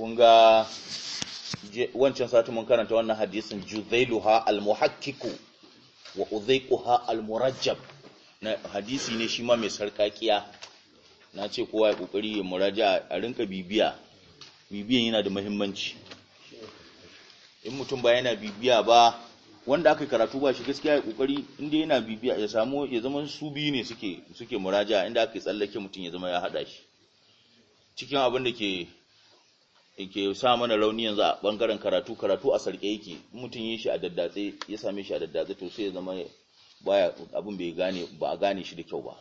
Kunga wancan sati mun karanta wannan hadisin juzailuha almuhakkiku wa udhaiquha almurajjab na hadisi ne shi ma mai sarkakiya na ce kowa ya kokari ya muraja a rinka bibiya bibiyan yana da muhimmanci in mutum ba yana bibiya ba wanda aka karatu ba shi gaskiya ya kokari inda yana bibiya ya samu ya zama su biyu ne suke suke muraja inda aka tsallake mutum ya zama ya hada shi cikin abin da ke ke sa mana rauni yanzu a bangaren karatu karatu a sarke yake mutum yi shi a daddatse ya same shi a daddatse to sai ya zama baya abin bai gane ba a gane shi da kyau ba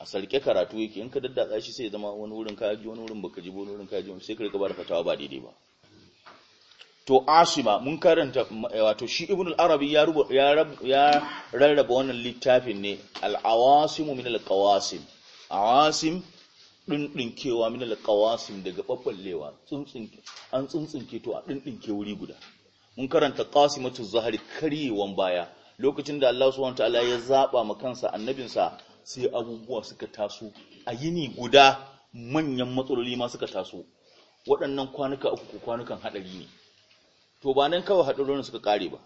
a sarke karatu yake in ka daddatsa shi sai ya zama wani wurin ji wani wurin baka ji wani wurin ji sai ka rika ba da fatawa ba daidai ba to asima mun karanta wato shi ibn arabi ya ya rarraba wannan littafin ne al-awasim min al-qawasim awasim ɗinɗinkewa min alƙawasim daga ɓaɓɓallewa an tsuntsunke to a ɗinɗinke wuri guda mun karanta qasimatu zahari karyewan baya lokacin da Allah subhanahu wataala ya zaɓa ma kansa annabinsa sai abubuwa suka taso a yini guda manyan matsaloli ma suka taso waɗannan kwanuka uku kwanukan haɗari ne to ba nan kawai ne suka ƙare ba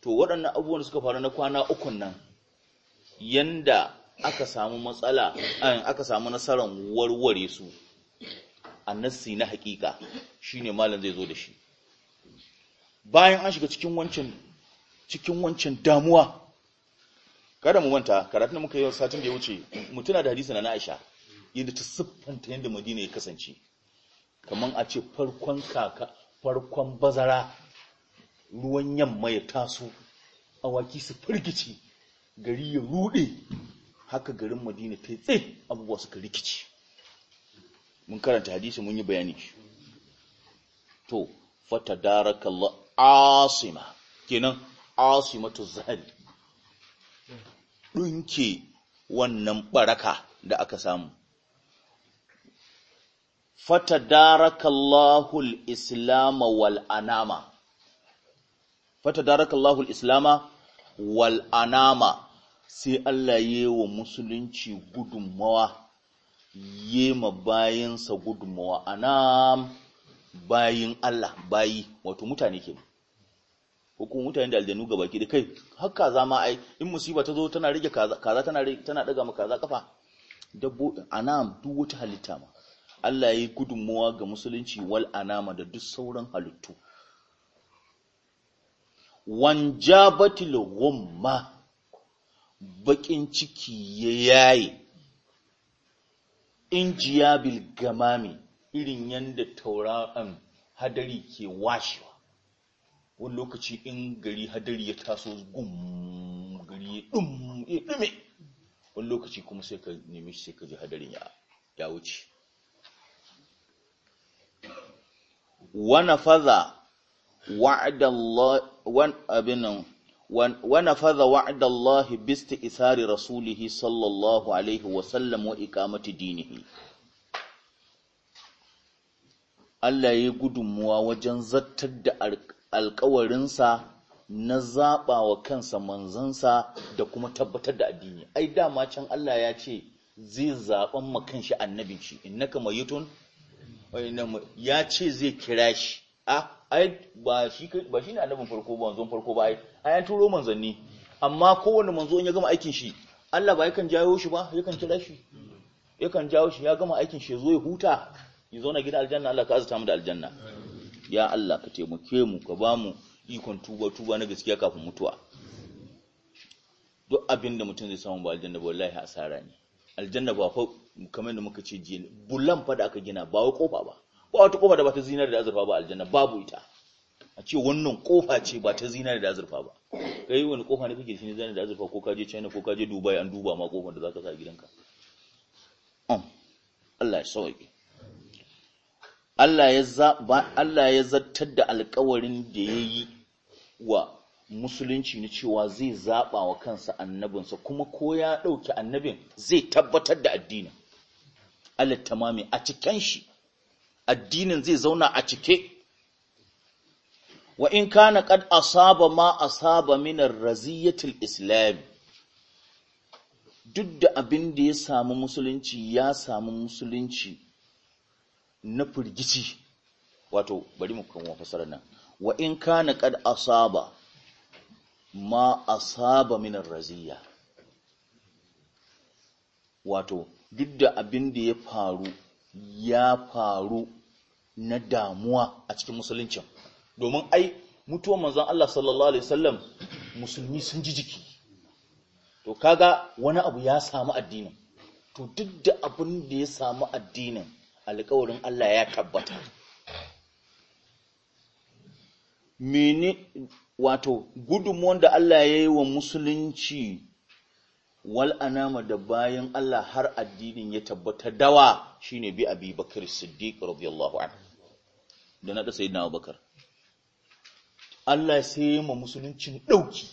to waɗannan abubuwan suka faru na kwana ukun nan yanda aka samu matsala aka samu nasarar warware su a annasi na hakika shine malam zai zo da shi bayan an shiga cikin wancan damuwa kada mu manta karatun da muka yi satin da ya wuce mutuna da hadisi na Aisha yadda ta siffanta yadda Madina ya kasance kaman a ce farkon kaka farkon bazara ruwan yamma ya taso awaki su firgici gari ya rude haka garin madina ta tsaye abubuwa suka rikici mun karanta hadisi mun yi bayani to fata fatadarakallah asima kenan ta zahari dunke wannan baraka da aka samu fatadarakallahu al islama wal anama fatadarakallahu al islama wal anama sai Allah ya wa musulunci gudunmawa ya ma bayansa gudunmawa ana bayin Allah bayi wato mutane ke hukun mutane da aljanu ga baki da kai haka za ma ai in musiba ta zo tana rage kaza kaza tana tana daga ma kaza kafa dabbo anam duk wata halitta ma Allah ya yi gudunmawa ga musulunci wal anama da duk sauran halittu wanjabatil ma? baƙin ciki ya yaye injiya bilgamami gamami irin yadda tauraron hadari ke washewa wani lokaci in gari hadari ya taso gum gari ya dume wani lokaci kuma sai ka nemi sai ka ji hadarin ya wuce wana faza wa'adallahi wani abinan wa nafadha wa'da Allah bi isari rasulih sallallahu alaihi Allah ya gudunmuwa wajen zartar da alkawarinsa na zaɓa wa kansa manzansa da kuma tabbatar da addini ai dama can Allah ya ce zai zaɓan ma kanshi annabin shi yi tun? ya ce zai kira shi ah, ai ba shi ba ne annabin farko ba manzon farko ba ai ai an turo manzanni amma kowanne manzo in ya gama aikin shi Allah ba yakan jawo shi ba yakan kira shi yakan jawo shi ya gama aikin shi zo ya huta ya zauna gida aljanna Allah ka azata mu da aljanna ya Allah ka taimake mu ka ba mu ikon tuba tuba na gaskiya kafin mutuwa duk abin da mutum zai samu ba aljanna ba wallahi asara ne aljanna ba fa kamar da muka ce jiya bullan fa da aka gina ba wai kofa ba ba wata kofa da ba ta da azurfa ba aljanna babu ita a ce wannan kofa ce ba ta da azurfa ba kai wani kofa ne kake shine zinari da azurfa ko ka je China ko ka je Dubai an duba ma kofar da zaka sa gidanka um Allah ya sauke Allah ya zaba Allah ya zartar da alƙawarin da yayi wa musulunci na cewa zai zaba wa kansa annabinsa kuma ko ya dauki annabin zai tabbatar da addinin Allah tamami a cikin shi addinin zai zauna a cike wa in kana qad asaba ma asaba min ar-raziyatil islam duk da abin da ya samu musulunci ya samu musulunci na firgici wato bari mu kuma fassara nan wa in kana qad asaba ma asaba min ar raziyya? wato duk da abin da ya faru ya faru na damuwa a cikin musuluncin domin ai mutuwar manzon Allah sallallahu alaihi wasallam musulmi sun ji jiki to kaga wani abu ya samu addinin to duk da abin da ya samu addinin alkawarin Allah ya tabbata mene wato gudunmuwan da Allah ya yi wa musulunci wal anama da bayan Allah har addinin ya tabbata dawa shine bi Abi Bakr Siddiq radiyallahu anhu da da sayyidina Abubakar Allah sai ma musuluncin dauki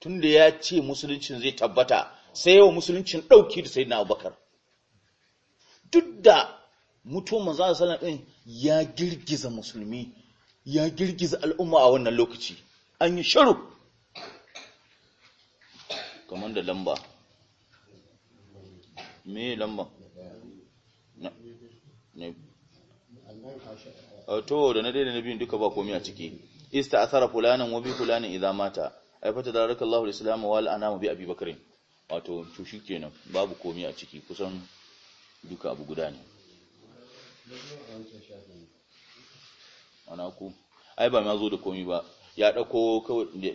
tunda ya ce musuluncin zai tabbata sai wa musuluncin dauki da sayyidina Abubakar duk da mutum manzo sallallahu alaihi ya girgiza musulmi ya girgiza al'umma a wannan lokaci an yi sharu kamar da lamba me lamba ne to da na daidai na biyun duka ba komai a ciki ista asara fulanan wa bi fulanin idza mata ai fata daraka Allahu al-islam wa al-anam bi abubakar wato to shikenan babu komai a ciki kusan duka abu guda ne ana ku ai ba ma zo da komai ba ya ɗauko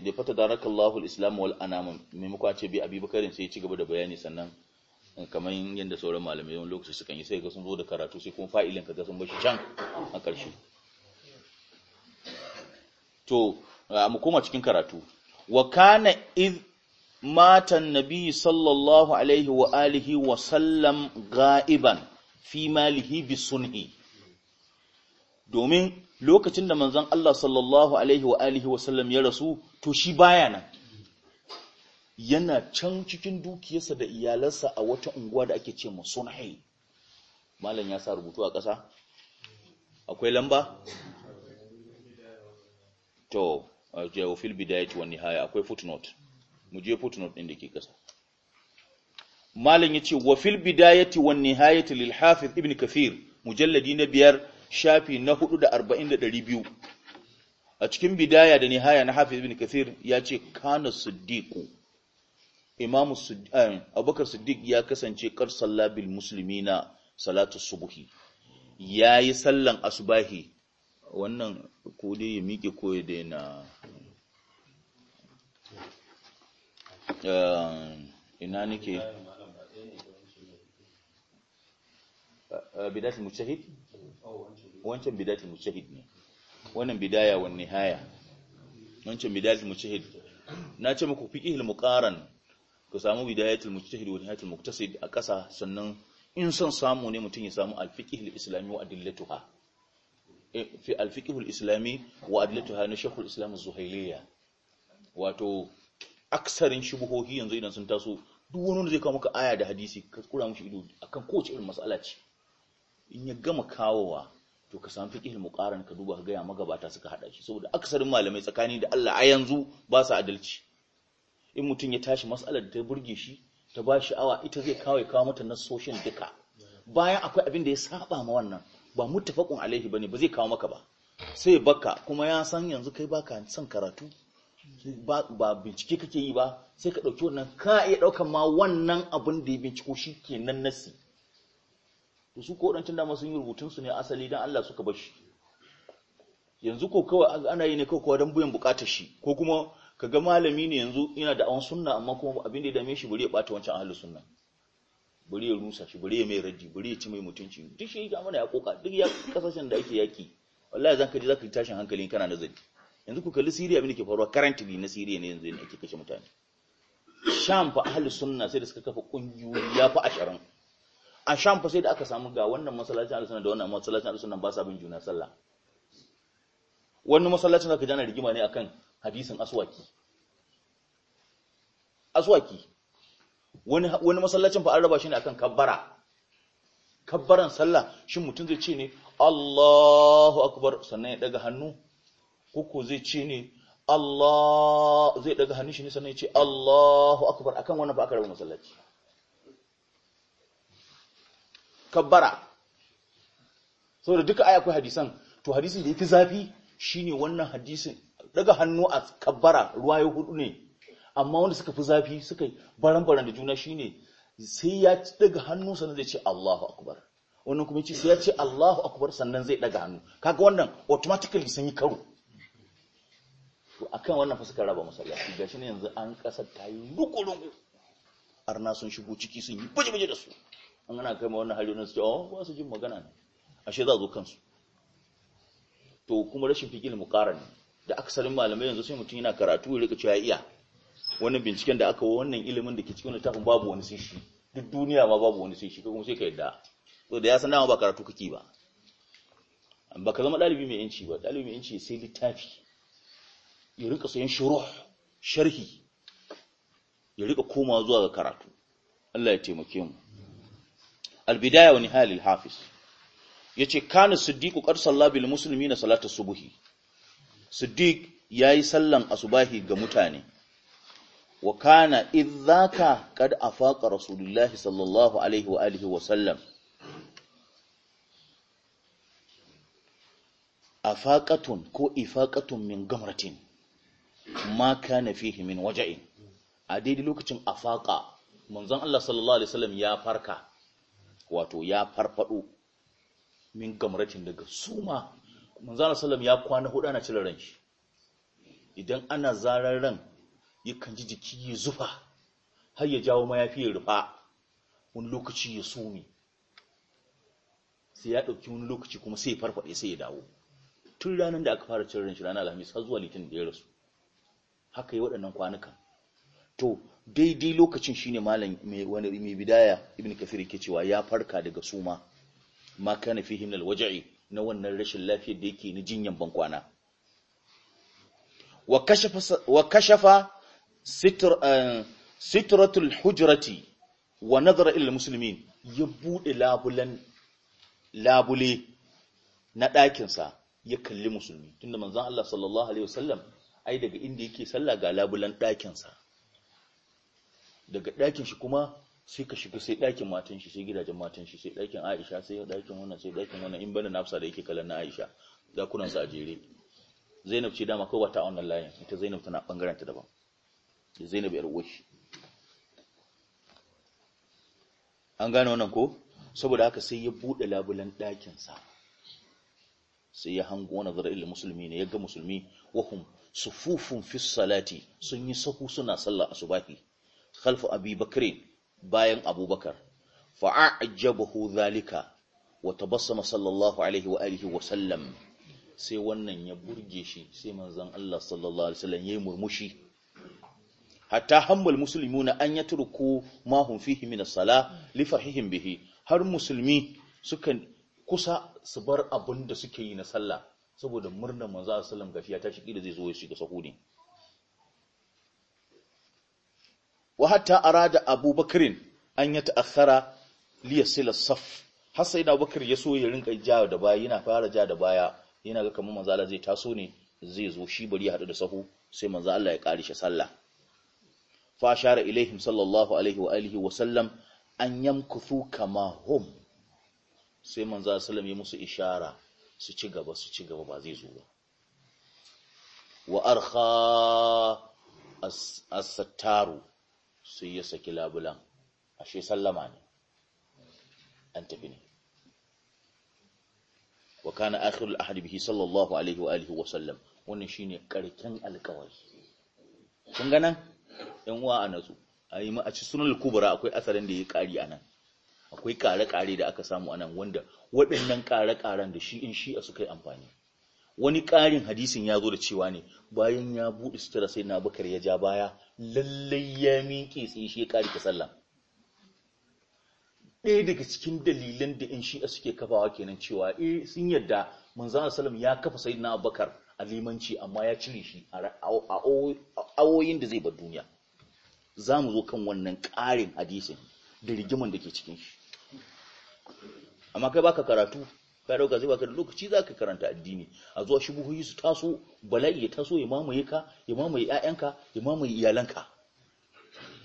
da fata darakallahu al-islam wal anam maimakon ce bi abubakarin sai ya ci gaba da bayani sannan eh, kamar yadda sauran malamai wani lokaci sukan yi sai ga sun zo da karatu sai kuma fa'ilin ka ga sun bashi can a ƙarshe to mu koma cikin karatu wa kana iz mata annabi sallallahu alaihi wa alihi wa sallam ga'iban fi malihi bi sunhi domin lokacin da manzon Allah sallallahu alaihi wa alihi wa sallam ya rasu to shi baya nan yana can cikin dukiyarsa da iyalansa a wata unguwa da ake ce ma sunhai malam ya sa rubutu a ƙasa akwai lamba to jawo fil bidayati wa nihaya akwai footnote mu je footnote din da ke ƙasa malam yace wa fil bidayati wa nihayati lil hafiz ibn kathir mujalladi na biyar shafi na hudu da arba'in da biyu. a cikin bidaya da nihaya na hafiz bin kathir ya ce kana suddiku imamu eh, abubakar siddiq ya kasance kar musulmi na salatu subuhi Ya yi sallan asubahi wannan ko dai ya miƙe ko ya daina eh, ina nake eh, Bidashin mujtahid wancan bidatul mujtahid ne wannan bidaya wa nihaya wancan bidatul mujtahid na ce muku fiqhul muqaran ku samu bidayatul mujtahid wa nihayatul muqtasid a ƙasa sannan in son samu ne mutum ya samu al islami wa adillatuha eh, fi al islami wa adillatuha na shaykhul islam az-zuhayliya wato aksarin shubuhohi yanzu idan sun taso duk wani wanda zai kawo maka aya da hadisi ka kura mushi ido akan kowace irin mas'ala ce in ya gama kawowa to ka samu fiqh muqaran ka duba ka ga magabata suka hada shi saboda aksarin malamai tsakani da Allah a yanzu ba su adalci in mutum ya tashi mas'alar da ta burge shi ta ba shi awa ita zai kawo ya kawo mata nasoshin duka bayan akwai abin da ya saba ma wannan ba muttafaqun alaihi ne, ba zai kawo maka ba sai baka kuma ya san yanzu kai baka son karatu ba bincike kake yi ba sai ka dauki wannan ka iya daukan ma wannan abin da ya binciko shi kenan nasi to su ko wadancan dama sun yi rubutun su ne asali dan Allah suka bar shi yanzu ko kawai ana yi ne kawai kowa dan buyan bukatar shi ko kuma kaga malami ne yanzu yana da awon sunna amma kuma abin da ya dame shi bari ya bata wancan ahlus sunna bari ya rusa shi bari ya mai raddi bari ya ci mai mutunci duk shi ga mana ya koka duk ya kasashen da ake yaki wallahi zaka ji zaka tashin hankali kana nazari yanzu ku kalli siriya abin da ke faruwa currently na siriya ne yanzu ne ake kashe mutane Sham fa ahlus sunna sai da suka kafa kungiyoyi ya fa 20 a sham fa sai da aka samu ga wannan masallacin al-sunna da wannan masallacin al-sunna ba sa bin juna sallah wani masallacin da jana rigima ne akan hadisin aswaki aswaki wani wani masallacin fa an raba shi ne akan kabbara kabbaran sallah shin mutum zai ce ne Allahu akbar sannan ya daga hannu koko zai ce ne Allah zai daga hannun shi ne sannan ya ce Allahu akbar akan wannan ba aka raba masallaci kabbara da duka aya akwai hadisan to hadisin da ya fi zafi shine wannan hadisin daga hannu a kabbara ruwa ya hudu ne amma wanda suka fi zafi suka baran-baran da juna shine sai ya daga hannu sannan zai ce Allahu akbar wannan kuma yace sai ya ce Allahu akbar sannan zai daga hannu kaga wannan automatically sun yi karu. to akan wannan fa suka raba masallaci gashi ne yanzu an kasar ta yi lukulungu arna sun shigo ciki sun yi buje-buje da su an ana kai ma wannan hali, wannan su ce oh ba su jin magana ne ashe za zo kansu to kuma rashin fikil ne? da aksarin malamai yanzu sai mutum yana karatu ya rika cewa iya wannan binciken da aka wannan ilimin da ke cikin littafin babu wani sai shi duk duniya ma babu wani sai shi kuma sai ka yadda to da ya san dama ba karatu kake ba ba ka zama ɗalibi mai yanci ba ɗalibi mai yanci sai littafi ya rika sayan shuruh sharhi ya rika komawa zuwa ga karatu Allah ya taimake mu albidaya wani nihayal hafiz yace kana siddiqu qad salla bil muslimina salata subhi ya yi sallan asubahi ga mutane wa kana idzaka qad afaqa rasulullahi sallallahu alaihi wa alihi wa sallam afaqatun ko ifaqatun min gamratin ma kana fihi min waja'in a daidai lokacin afaqa manzon Allah sallallahu alaihi wa sallam ya farka wato ya farfado min gamratin daga suma manzana sallam ya kwana hudu ana cire ran idan ana zarar ran yakan ji jiki ya zufa har ya jawo mayafi ya rufa wani lokaci ya sumi sai ya ɗauki wani lokaci kuma sai ya farfaɗe sai ya dawo tun ranar da aka fara cire ran shi alhamis har zuwa litin da ya rasu haka yi waɗannan kwanukan to daidai lokacin shine malam mai wani mai bidaya ibn kafir yake cewa ya farka daga suma ma kana fihi min alwaj'i na wannan rashin lafiyar da yake ni jinyan bankwana wa kashafa wa kashafa sitr eh, sitratul hujrati wa nazara ila muslimin ya bude labulan labule na ɗakinsa ya kalli musulmi tunda manzon Allah sallallahu alaihi wasallam ai daga inda yake sallah ga labulan ɗakinsa daga ɗakin shi kuma sai ka shiga sai ɗakin matan shi sai gidajen matan shi sai ɗakin Aisha sai ɗakin wannan sai ɗakin wannan in bana nafsa da yake kallon na Aisha kunan sa a jere Zainab ce dama kowa ta wannan layin ita Zainab tana bangaren ta daban Zainab yar uwar shi an gane wannan ko saboda haka sai ya bude labulan ɗakin sa sai ya hango wani zara'il musulmi ne ya ga musulmi wahum sufufun fi salati sun yi sahu suna sallah asubahi khalfu abi bayan abubakar fa'ajabahu zalika wa tabassama sallallahu alaihi wa alihi wa sallam sai wannan ya burge shi sai manzon Allah sallallahu alaihi wasallam yayi murmushi hatta hammal muslimuna an yatruku ma hum fihi min as-sala li farhihim bihi har musulmi sukan kusa su bar da suke yi na sallah saboda murnar manzon sallallahu alaihi wasallam gafiya ta shi da zai zo ya shiga sahudi wa hatta arada abubakarin an ya ta'akhara liyasila saf har sai da bakar ya so ya rinka ja da baya yana fara ja da baya yana ga kamar manzo Allah zai taso ne zai zo shi bari ya hadu da sahu sai manzo Allah ya kare shi sallah fa shara ilaihim sallallahu alaihi wa alihi wa sallam an yamkuthu kama hum sai manzo sallam ya musu ishara su ci gaba su ci gaba ba zai zo ba wa arkha as-sattaru sai ya saki labulan ashe sallama ne an tafi ne wa kana akhirul ahd bihi sallallahu alaihi wa alihi wa sallam wannan shine karkin alƙawari kun ga nan ɗan uwa a natsu ayi mu a ci sunan kubra akwai asarin da ya ƙari anan akwai ƙare-ƙare da aka samu anan wanda waɗannan ƙare-ƙaren da shi in shi a suka yi amfani wani ƙarin hadisin ya zo da cewa ne bayan ya buɗe sutura sai na bakar ya ja baya lallai ya miƙe tsaye shi ya ƙari ta sallah ɗaya daga cikin dalilan da in shi'a suke kafawa kenan cewa eh sun yadda manzan sallam ya kafa sai na bakar a limanci amma ya cire shi a awoyin da zai bar duniya za mu zo kan wannan ƙarin hadisin da rigiman da ke cikin shi amma kai baka karatu ka dauka zai baka da lokaci zaka karanta addini a zuwa shubuhoyi su taso bala'i ya taso ya mamaye ka ya mamaye ƴaƴanka ya mamaye iyalanka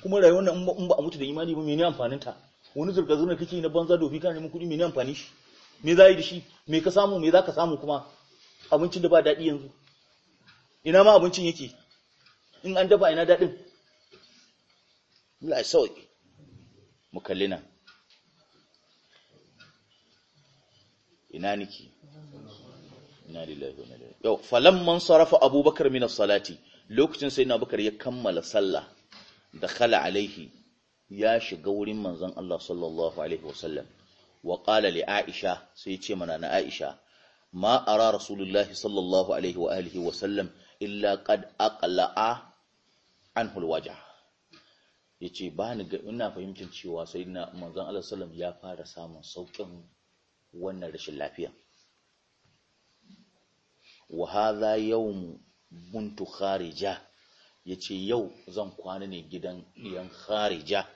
kuma rayuwar nan in ba a mutu da imani ba menene amfanin ta wani zurga zurga kake na banza dofi kana neman kuɗi menene amfani shi me za yi da shi me ka samu me za ka samu kuma abincin da ba daɗi yanzu ina ma abincin yake in an dafa ina daɗin Allah ya sauke mu kalli nan ina niki ina lillahi wa inna ilaihi yau falamman sarafa abubakar min as-salati lokacin sai abubakar ya kammala sallah dakhala alaihi ya shiga wurin manzon Allah sallallahu alaihi wasallam wa qala li aisha sai ya ce mana na aisha ma ara rasulullahi sallallahu alaihi wa alihi wasallam illa qad aqla'a anhu alwajh yace ba ni ina fahimtar cewa sayyidina manzon Allah sallallahu alaihi wasallam ya fara samun saukin wannan rashin lafiya wa hadha yawm buntu kharija yace yau zan kwana ne gidan yan kharija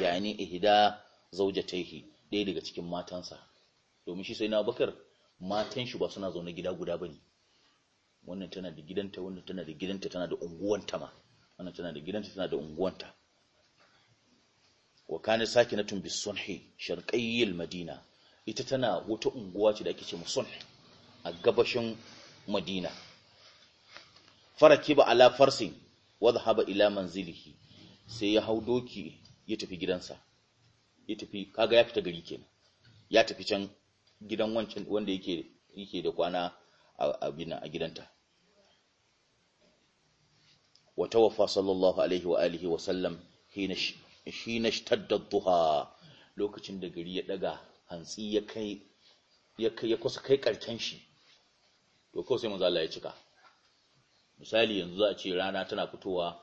yani ihda zaujataihi ɗaya daga cikin matansa domin shi sai na bakar matan shi ba suna zaune gida guda bane wannan tana da gidanta wannan tana da gidanta tana da unguwanta ma wannan tana da gidanta tana da unguwanta wa kana sakinatun bisunhi sharqiyil madina ita tana wata unguwa ce da ake ce musul a gabashin madina ke ba ala farsin wadda haba ila manzilihi sai ya hau doki ya tafi gidansa ya tafi kaga ya fita gari kenan ya tafi can gidan wancan wanda yake da kwana a gidanta wa wafa sallallahu alaihi wa alihi wa sallam na shi shtadda lokacin da gari ya daga hantsi ya kai ya kai ya kusa kai karken shi to ko sai manzo ya cika misali yanzu za a ce rana tana fitowa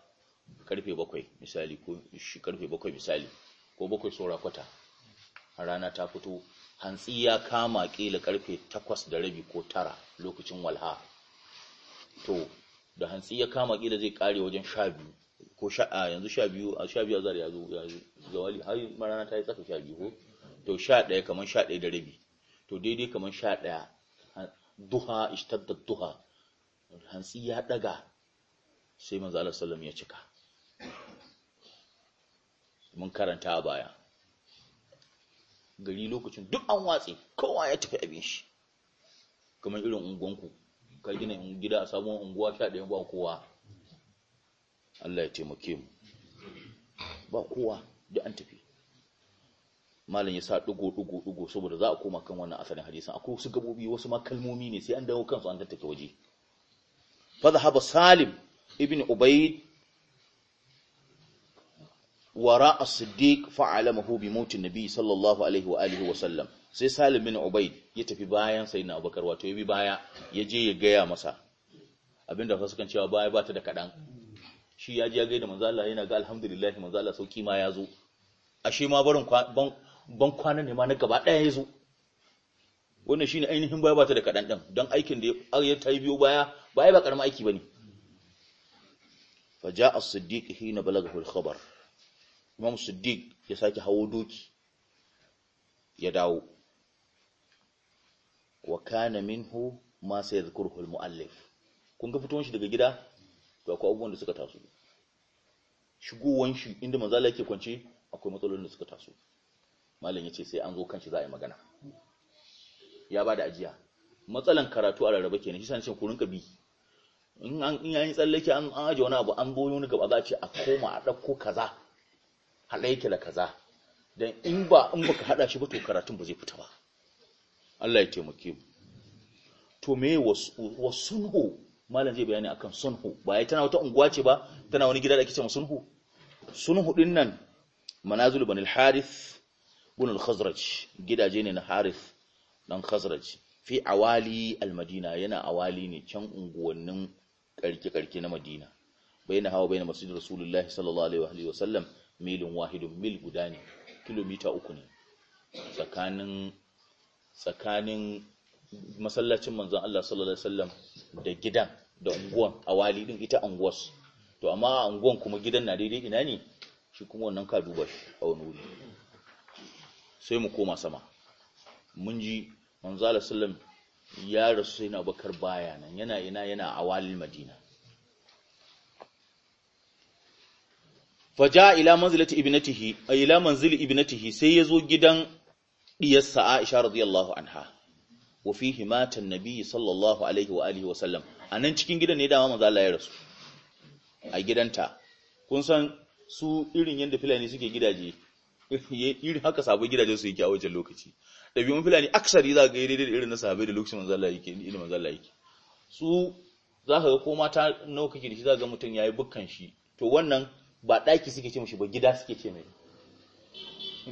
karfe bakwai misali ko shi karfe bakwai misali ko bakwai saura kwata rana ta fito hantsi ya kama kila karfe takwas da rabi ko tara lokacin walha to da hantsi ya kama kila zai kare wajen sha biyu ko sha'a yanzu sha biyu a sha biyu a zari ya zo ya zo zawali har rana ta yi tsaka sha biyu ko to sha ɗaya kamar sha ɗaya da rabi to daidai kamar sha ɗaya duha ishtadda duha hantsi ya ɗaga sai manzo Allah sallam ya cika mun karanta a baya gari lokacin duk an watse kowa ya tafi abin shi kamar irin unguwanku ka gina gida a samun unguwa sha ɗaya ba kowa Allah ya taimake mu ba kowa da an tafi malam ya sa dugo dugo dugo saboda za a koma kan wannan asalin hadisin akwai wasu gabobi wasu ma kalmomi ne sai an dawo kansu an tattake waje fa zahaba salim ibn ubayd wara as-siddiq fa'alamahu bi mautin nabi sallallahu alaihi wa alihi wa sallam sai salim bin ubayd ya tafi bayan sayyidina abubakar wato ya bi baya ya je ya gaya masa abinda fa sukan cewa baya bata da kadan shi ya je ya gaida manzo Allah yana ga alhamdulillah manzo Allah sauki ma ya zo ashe ma barin ban kwana ne ma na gaba ɗaya ya zo wannan shine ainihin baya bata da kaɗan ɗan don aikin da ya ta biyo baya baya ba ƙaramin aiki ba ne faja a siddiq hina balaga hulkhabar imam siddiq ya sake hawo doki ya dawo wa kana minhu ma sai yadhkuruhu al-muallif kun ga fitowar shi daga gida to akwai abubuwan da suka taso shigowan shi inda manzala yake kwance akwai matsalolin da suka taso malam ce sai an zo kanci za a yi magana ya ba da ajiya matsalan karatu a rarraba kenan shi sanci kurin rinka bi in an in yayin tsallake an aje wani abu an boyo ni gaba za a ce a koma a ɗauko kaza hada yake da kaza don in ba in baka haɗa shi ba to karatun ba zai fita ba Allah ya taimake mu to me wa sunhu malam zai bayani akan sunhu ba ya tana wata unguwa ce ba tana wani gida da ake ce sunhu sunhu din nan Manazul banil harith ibn al-khazraj gidaje ne na harith dan khazraj fi awali al-madina yana awali ne can unguwannin karki-karki na madina bayna hawa bayna masjid rasulullahi sallallahu alaihi wa sallam milin wahidun mil guda ne kilomita uku ne tsakanin tsakanin masallacin manzon Allah sallallahu alaihi wasallam da gidan da unguwan awali din ita unguwas to amma unguwan kuma gidan na daidai ina ne shi kuma wannan ka duba shi a wani wuri sai mu koma sama mun ji manzala sallam ya rasu sai na bakar baya nan yana ina yana awalil madina faja ila manzilati ibnatihi ila manzili ibnatihi sai yazo gidan ɗiyarsa Aisha radiyallahu anha wa fihi mata annabi sallallahu alaihi wa alihi wa sallam anan cikin gidan ne dama manzo ya rasu a gidanta kun san su irin yanda filani suke gidaje Yin haka sabon gidajen su yake a wajen lokaci ɗabi'un fulani aksari za ga daidai da irin na sabai da lokacin manzala yake irin manzala yake su za ka ga ko mata nauka ke da shi za ga mutum ya yi bukkan shi to wannan ba ɗaki suke ce mashi ba gida suke ce mai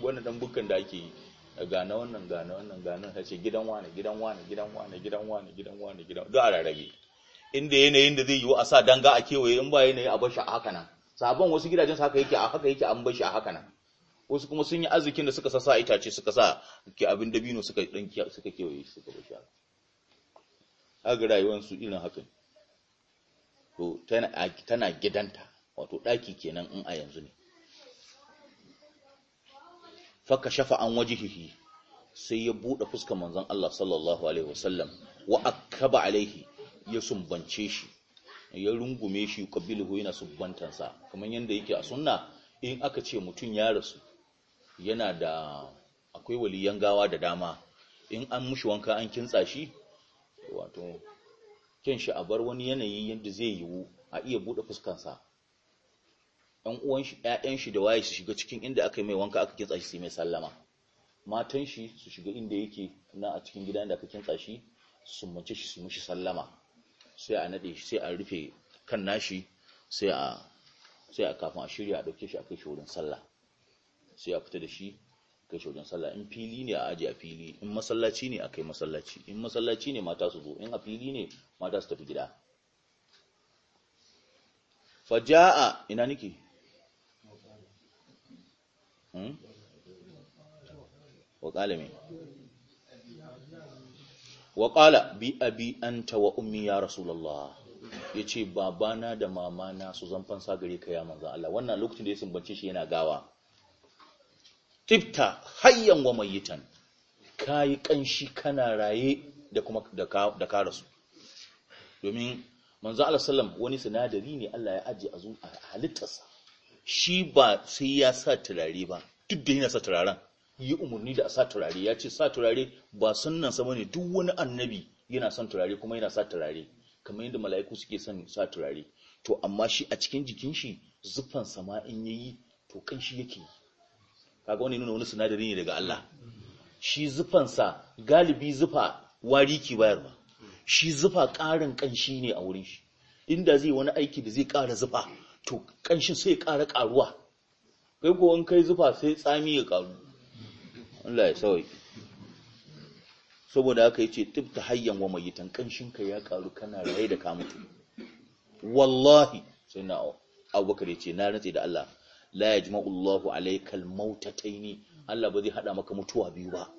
wannan dan bukkan da ake yi ga gane wannan gane wannan gane, ta ce gidan wane gidan wane gidan wane gidan wane gidan wane. gidan duk a rarrabe inda yanayin da zai wa a sa danga a kewaye in ba yanayi a bashi a haka nan sabon wasu gidajen haka yake a haka yake an bashi a haka nan wasu kuma sun yi arzikin da suka sa sa itace suka sa ke abin dabino suka dan suka kewaye suka bashi ga rayuwar su irin hakan to tana tana gidanta wato daki kenan in a yanzu ne faka shafa an wajihihi sai ya bude fuskar manzon Allah sallallahu alaihi wasallam wa akaba alaihi ya sumbance shi ya rungume shi kabilu yana sumbantansa kamar yanda yake a sunna in aka ce mutum ya rasu yana da akwai waliyan gawa da dama in an mushi wanka an kintsa shi wato a bar wani yanayi yadda zai yiwu a iya buɗe fuskansa ɗan uwan shi ɗayan shi da waye su shiga cikin inda aka yi mai wanka aka kintsa shi sai mai sallama matan shi su shiga inda yake na a cikin gidan da aka kintsa shi su mace shi su mushi sallama sai a nade shi sai a rufe kan nashi sai a sai a kafin a shirya a dauke shi a kai shi wurin sallah sai a fita da shi kai shi wajen sallah in fili ne a aji a fili in masallaci ne a kai masallaci in masallaci ne mata su zo in a fili ne mata su tafi gida faja'a ina nake hmm wa qala me wa qala bi abi anta wa ummi ya rasulullah yace babana da mamana su zanfan gari ka ya manzo Allah wannan lokacin da ya sumbance shi yana gawa tifta hayyan wa mayitan kayi kanshi kana raye da kuma da ka rasu domin manzo Allah sallam wani sinadari ne Allah ya aje a halittarsa shi ba sai ya sa turare ba duk da yana sa turaren yi umarni da a sa turare ya ce sa turare ba sunnan sa bane duk wani annabi yana son turare kuma yana sa turare kamar yadda mala'iku suke son sa turare to amma shi a cikin jikin shi zufan sama'in in yayi to kan shi yi. kaga wani nuna wani sinadari ne daga Allah shi zufansa galibi zufa wari ki bayarwa shi zufa ƙarin ƙanshi ne a wurin shi inda zai wani aiki da zai ƙara zufa to ƙanshin sai ƙara ƙaruwa kai ko an kai zufa sai tsami ya ƙaru Allah ya sauke saboda haka yace tibta hayyan wa mayitan ƙanshin ka ya ƙaru kana raye da ka mutu wallahi sai na Abubakar yace na rantsi da Allah la yajma'u Allahu alaykal mautataini Allah ba zai hada maka mutuwa biyu ba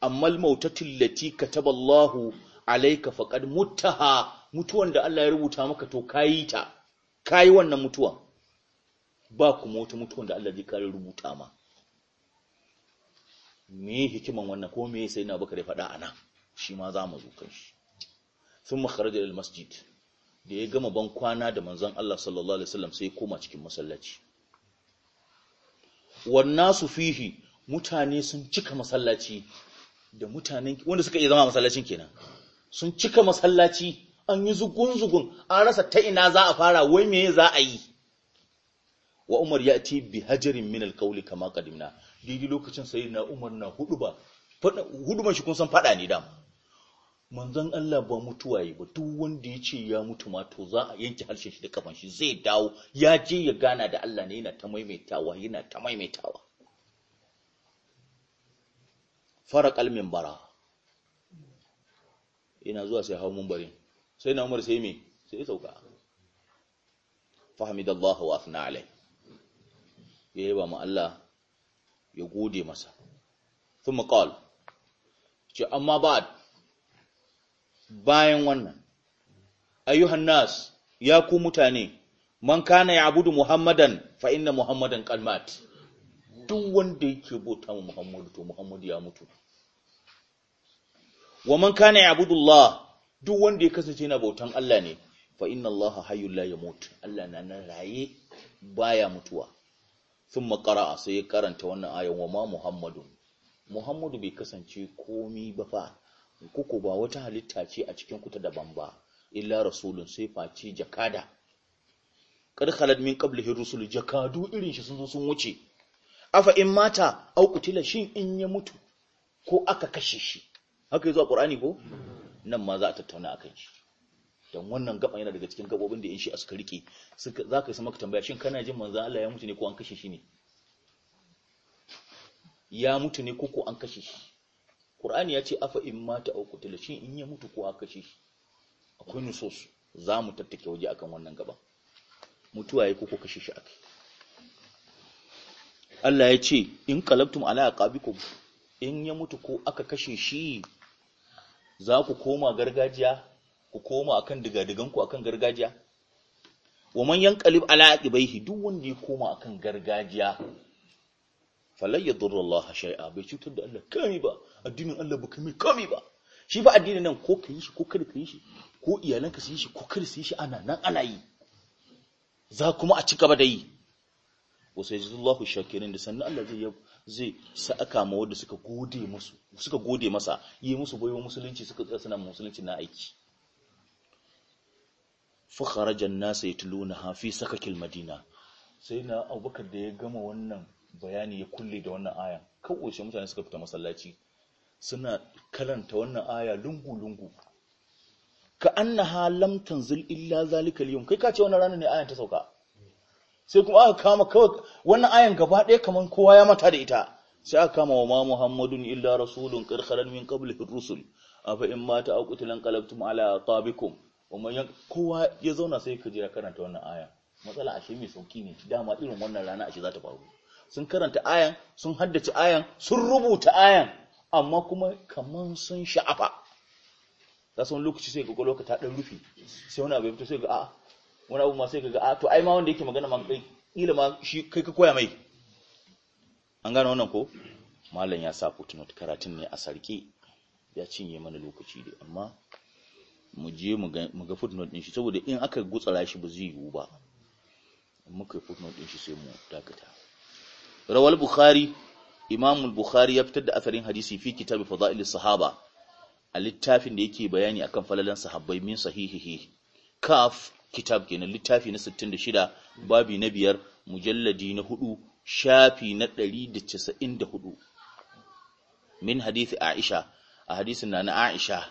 amma al-mautatu allati kataba Allahu alayka faqad muttaha mutuwan da Allah ya rubuta maka to kayi ta kayi wannan mutuwa ba kuma wata mutuwan da Allah zai kare rubuta ma me hikiman wannan ko me sai na baka da fada ana shi ma za mu zo kan shi sun makharaja al masjid da ya gama ban kwana da manzon Allah sallallahu alaihi wasallam sai ya koma cikin masallaci wannasu fihi mutane sun cika masallaci da mutanen wanda suka iya zama masallacin kenan sun cika masallaci an yi zugun-zugun an rasa ta ina za a fara wai me za a yi wa umar ya ti bi hajarin min alkauli kama kadimna daidai lokacin sai na umar na hudu ba hudu man shi kun san fada ne dama manzon Allah ba mutuwa yi ba duk wanda ya ce ya mutu ma to za a yanke harshe shi da kafan shi zai dawo ya je ya gana da Allah ne yana ta maimaitawa yana ta maimaitawa al minbara ina zuwa sai hawo minbari sai na Umar sai me sai sauka Allah wa afna alai ya yaba ma Allah ya gode masa thumma qala ce amma ba'd bayan wannan ayyuhan nas ya ku mutane man kana ya'budu muhammadan fa inna muhammadan qad mat duk wanda yake bauta mu muhammadu to muhammadu ya mutu wa man kana ya'budu allah duk wanda ya kasance yana bautan Allah ne fa inna allah hayyul la yamut Allah na nan raye baya mutuwa thumma qara'a sai karanta wannan ayan wa ma muhammadun muhammadu bai kasance komi ba fa kuku ba wata halitta ce a cikin kuta daban ba illa rasulun sai face jakada kad khalad min qablihi rusul jakadu irin shi sun zo sun wuce afa in mata au kutila shin in ya mutu ko aka kashe shi haka yazo a qur'ani ko nan ma za a tattauna akan shi dan wannan gaban yana daga cikin gabobin da in shi aska rike zaka yi maka tambaya shin kana jin manzo Allah ya mutu ne ko an kashe shi ne ya mutu ne ko ko an kashe shi Ƙur'ani ya ce afa in mata au qutila shi in ya mutu ko aka kashe shi akwai nusus za mu tattake waje akan wannan gaba mutuwa ya ko kashe shi aka Allah ya ce in kalabtum ala aqabikum in ya mutu ko aka kashe shi za ku koma gargajiya ku koma akan digadigan ku akan gargajiya wa man yanqalib ala aqibaihi duk wanda ya koma akan gargajiya falai ya durra Allah bai cutar da Allah kami ba addinin Allah ba kami kami ba shi ba addinin nan ko ka yi shi ko kada ka yi shi ko iyalanka su yi shi ko kada su yi shi ana nan ana yi za kuma a ci gaba da yi wasu yaji Allahu shakirin da sannan Allah zai zai sa'aka ma wanda suka gode masa yi musu baiwa musulunci suka tsaya suna musulunci na aiki fa kharaja an-nas yatluna fi sakakil madina sai na Abubakar da ya gama wannan bayani ya kulle da wannan aya kawace mutane suka fita masallaci suna karanta wannan aya lungu-lungu ka annaha lam tanzil illa zalika al kai ka ce wannan ranar ne ayan ta sauka sai kuma aka kama kawai wannan ayan gaba ɗaya kaman kowa ya mata da ita sai aka kama wa ma muhammadun illa rasulun qarqaran min qablihi rusul afa in mata aw qutilan qalabtum ala tabikum umman kowa ya zauna sai ka jira karanta wannan aya matsala ashe mai sauki ne dama irin wannan rana ashe za ta faru sun karanta ayan sun haddace ayan sun rubuta ayan amma kuma kaman sun sha'afa za su wani lokaci sai ga gwalwa ta ɗan rufi sai wani abu ya fito sai ga a wani abu ma sai ga a to ai ma wanda yake magana ma kai ila ma shi kai ka koya mai an gane wannan ko malam ya sa footnote karatun ne a sarki ya cinye mana lokaci dai amma mu je mu ga footnote din shi saboda in aka gutsara shi ba zai yiwu ba muka yi footnote ɗin shi sai mu dakata rawal bukhari Imamul bukhari ya fitar da asarin hadisi fi kitab fada'il sahaba a littafin da yake bayani akan falalan sahabbai min sahihihi kaf kitab kenan littafi na 66 babi na biyar mujalladi na hudu shafi na 194 min hadisi aisha a hadisin na na aisha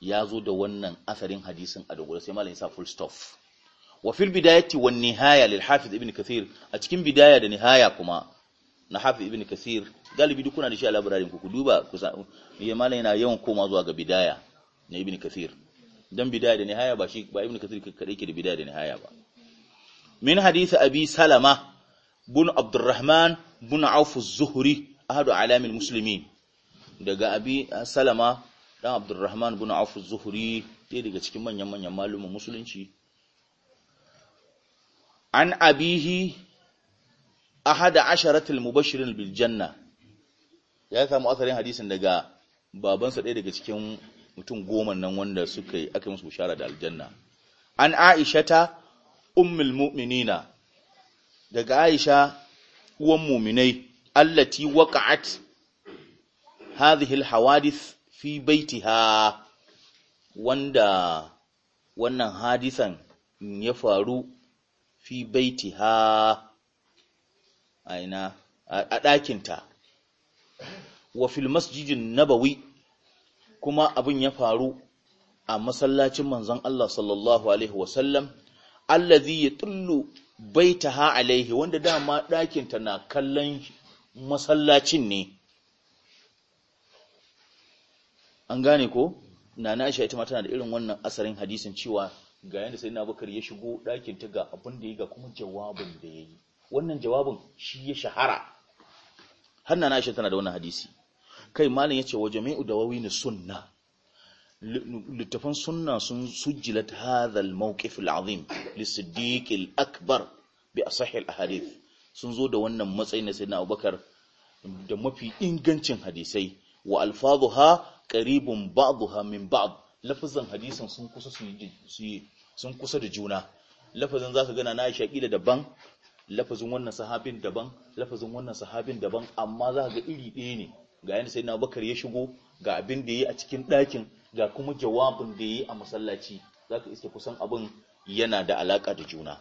ya zo da wannan asarin hadisin a dogara sai malamin sa full stop wa fil bidayati wan nihaya lil hafiz ibn kathir a cikin bidaya da nihaya kuma na hafiz ibn kathir galibi duk kuna da shi a labirarin ku duba kusa ya malam yana yawan koma zuwa ga bidaya na ibn kathir dan bidaya da nihaya ba ba ibn kathir kadai ke da bidaya da nihaya ba min hadith abi salama bin abdurrahman bin auf az-zuhri daga abi salama dan abdurrahman bin auf az daga cikin manyan manyan musulunci an abihi ahada asharatul mubashirin bil janna ya samu asalin hadisin daga babansa ɗaya daga cikin mutum goma nan wanda suka yi aka musu bishara da aljanna an aishata ummul mu'minina daga aisha uwan mu'minai allati waqa'at hadhihi alhawadith fi baitiha wanda wannan hadisan ya faru fi ha aina a ɗakinta wa fil masjidin nabawi kuma abin ya faru a masallacin manzon Allah sallallahu alaihi wasallam allazi yatullu baitaha alaihi wanda dama ɗakinta na kallon masallacin ne an gane ko nana Aisha ita ma tana da irin wannan asarin hadisin cewa ga yanda sai na bakar ya shigo ɗakin ta ga abin da ya ga kuma jawabin da ya yi wannan jawabin shi ya shahara hanna na tana da wannan hadisi kai malin ya ce wa jami'u da wawi sunna littafan sunna sun sujjilat hadha al-mawqif al-azim siddiq al-akbar bi asahhi al-ahadith sun zo da wannan matsayin na sayyidina Abubakar da mafi ingancin hadisai wa alfazuha qaribun ba'daha min ba'd lafazan hadisan sun kusa sun kusa da juna Lafazan za ka gana na Aisha kila daban lafazin wannan sahabin daban lafazin wannan sahabin daban amma za zaka ga iri ɗaya ne ga yana na Bakar ya shigo ga abin da yi a cikin ɗakin ga kuma jawabin da yi a masallaci ka iske kusan abin yana da alaƙa da juna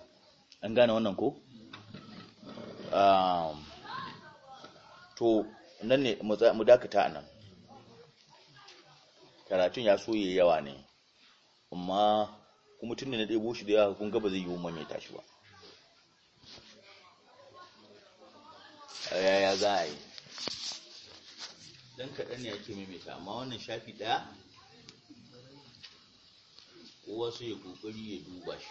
an gane wannan ko to nan ne mu dakata anan karatun ya so yayi yawa ne amma kuma tunda na ɗaya shi da yawa kun ga ba zai yiwu mai tashi ba yaya za a yi dan kaɗan ne ake maimaita amma wannan shafi ɗaya kowa sai ya ƙoƙari ya duba shi